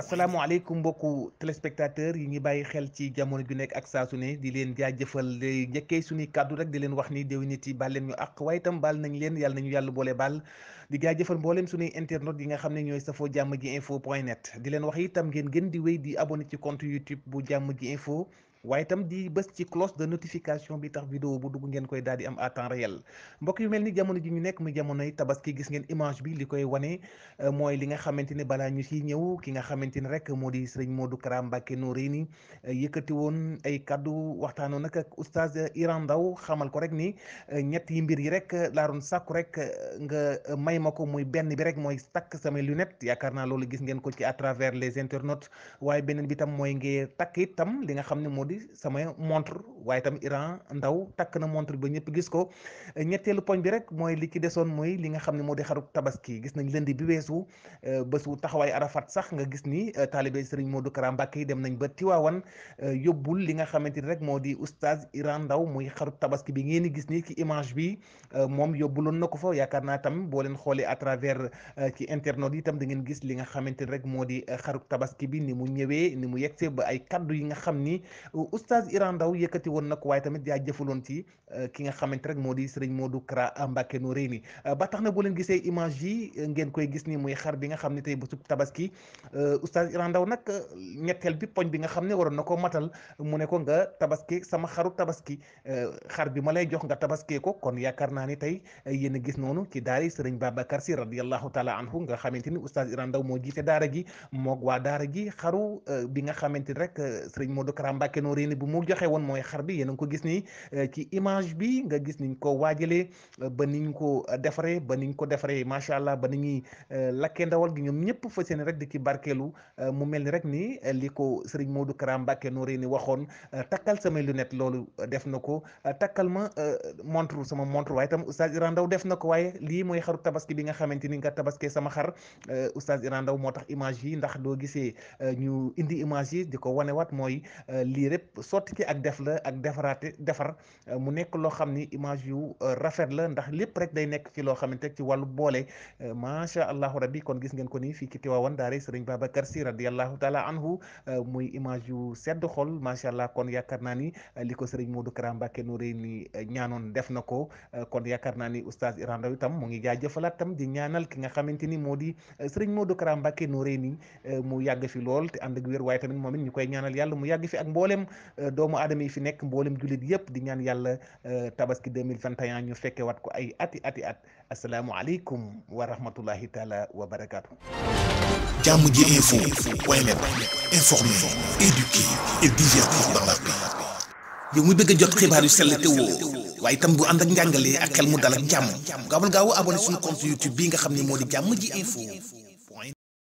asalaamaaleykum mbokku téléspectateur yi ñu bàyyi xel ci jamono ju nekk ak saa su di leen jaajëfal day njëkkee suñuy kàddu rek di leen wax ni déw nit yi baal leen ñu àq waaye itam baal nañ leen yàlla nañu yàlla boole baal di jaajëfal mbooleem suñuy internet yi nga xam ne ñooy safoo jàmm ji info point net di leen wax itam ngeen gën di wéy di abonné ci compte YouTube bu jàmm ji info waaye tam di bës ci cloche de notification bi tax vidéo bu dugg ngeen koy daal am à temps réel mbokk yu mel ni jamono ji ñu nekk muy jamonoy tabaski gis ngeen image bi li koy wane euh, mooy li nga xamante ne balaa ñu si ñëw ki nga xamante ni rek moo di sëriñ Modou Kara Mbacké Noreyni euh, yëkkati woon ay kaddu waxtaanoo nag ak oustaz Iran Ndaw xamal ko rek ni euh, ñett yi mbir yi rek laa doon sàkku rek nga may ma ko muy benn bi rek mooy takk samay lunettes yaakaar naa loolu gis ngeen ko ci à travers les internautes waaye beneen bi tam mooy ngee takk di samay montre waaye tam Iran ndaw takk na montre ba ñëpp gis ko ñetteelu poñ bi rek mooy li ci desoon mooy li nga xam ne moo di xarub tabaski gis nañ leen di bi weesu euh, bésu taxawaay Arafat sax nga gis ni euh, taalibe Sëriñ Modou Kara Mbacké yi dem nañ ba Tiwaawan euh, yóbbul li nga xamante ni rek moo di oustaz Iran ndaw muy xarub tabaski bi ngeen di gis ni ci image bi moom yóbbuloon na ko fa yaakaar naa tam boo leen xoolee à travers ci internet yi tam da ngeen gis li nga xamante ni rek moo di xarub tabaski bi ni mu ñëwee ni mu yegsee ba ay kaddu yi nga xam ni oustaz Iran Ndao yëkkati woon na ko waaye tamit yaa jëfaloon ci euh, ki nga xamante rek moo di sëriñ Modou Kara Mbacké no réy ni euh, ba tax euh, gis ni muy xar bi nga xam ne tey bésub tabaski oustaz Iran Ndao nag ñetteel bi poñ bi nga xam ne waroon na ko matal mu ne ko nga tabaski sama xaru tabaski xar bi ma lay jox nga tabaskee ko kon yaakaar naa ni tey yéen a gis noonu ci daara sëriñ Babacar Sy radiallahu taala anhu nga xamante ni oustaz Iran moo jiite daara gi moog waa daara gi xaru bi nga xamante rek sëriñ Modou Kara Mbacké no Tamrin bu mu joxe woon mooy xar bi yéen a ko gis ni euh, ci image bi nga gis niñ ko waajalee euh, ba niñ ko defaree ba niñ ko defaree macha allah ba ni ñuy euh, lakkee ndawal gi ñoom ñëpp fa seen rek di ci barkeelu mu mel ni rek nii li ko sëriñ Modou Kara Mbacké Noreyni waxoon takkal samay lunette loolu def na ko takkal ma montre sama montre waaye tam oustaz Iran Ndaw def na ko waaye lii mooy xaru tabaski bi nga xamante ni nga tabaskee sama xar oustaz Iran Ndaw moo tax image yi ndax doo gisee ñu yi ko lépp sotti ci ak def la ak defaraate defar euh, mu nekk loo xam ni image yu euh, rafet la ndax lépp rek day nekk ci loo xamante ci wàllu boole euh, macha allahu rabbi kon gis ngeen ko ni fii ci Tiwaawan daare sëriñ Babacar Si radiallahu taala anhu muy sedd xol macha allah kon yaakaar naa ni li ko sëriñ Modou Kara Mbacké Noreyni ñaanoon def na ko kon yaakaar naa ni oustaz Iran Ndaw itam mu ngi jaajëfalaat tam di ñaanal ki nga xamante ni moo di sëriñ Modou Kara Mbacké Noreyni mu yàgg fi lool te ànd ak wér waaye tamit moom it koy ñaanal yàlla mu yàgg fi ak mboolem Euh, doomu aadama yi fi nekk mboolem jullit yëpp di ñaan yàlla euh, tabaski 2021 ñu fekkee wat ko ay ati ati at asalaamualeykum wa rahmatullahi taala wa barakaatu. jàmm ji info point net informer, éduquer et divertir dans la paix. yow mi bëgg jot xibaar yu sell te woo waaye itam bu ànd ak njàngalee ak xel mu dal ak jàmm gaawal gaaw abonné suñu compte YouTube bii nga xam ne moo di jàmm ji info